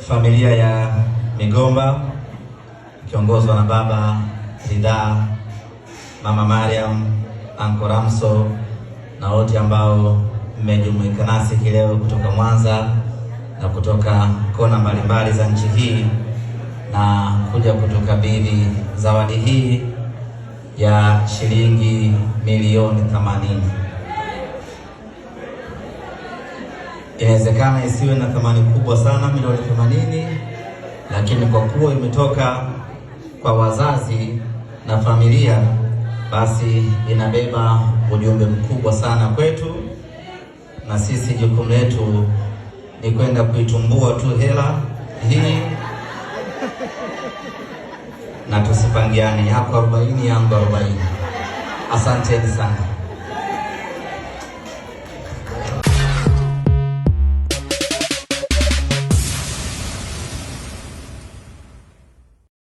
familia ya Migomba ikiongozwa na baba Ridhaa, mama Mariam, anko Ramso na wote ambao mmejumuika nasi leo kutoka Mwanza na kutoka kona mbalimbali za nchi hii na kuja kutukabidhi zawadi hii ya shilingi milioni 80. inawezekana isiwe na thamani kubwa sana milioni 80, lakini kwa kuwa imetoka kwa wazazi na familia, basi inabeba ujumbe mkubwa sana kwetu, na sisi jukumu letu ni kwenda kuitumbua tu hela hii na tusipangiane, yako 40 yangu 40. Asanteni sana.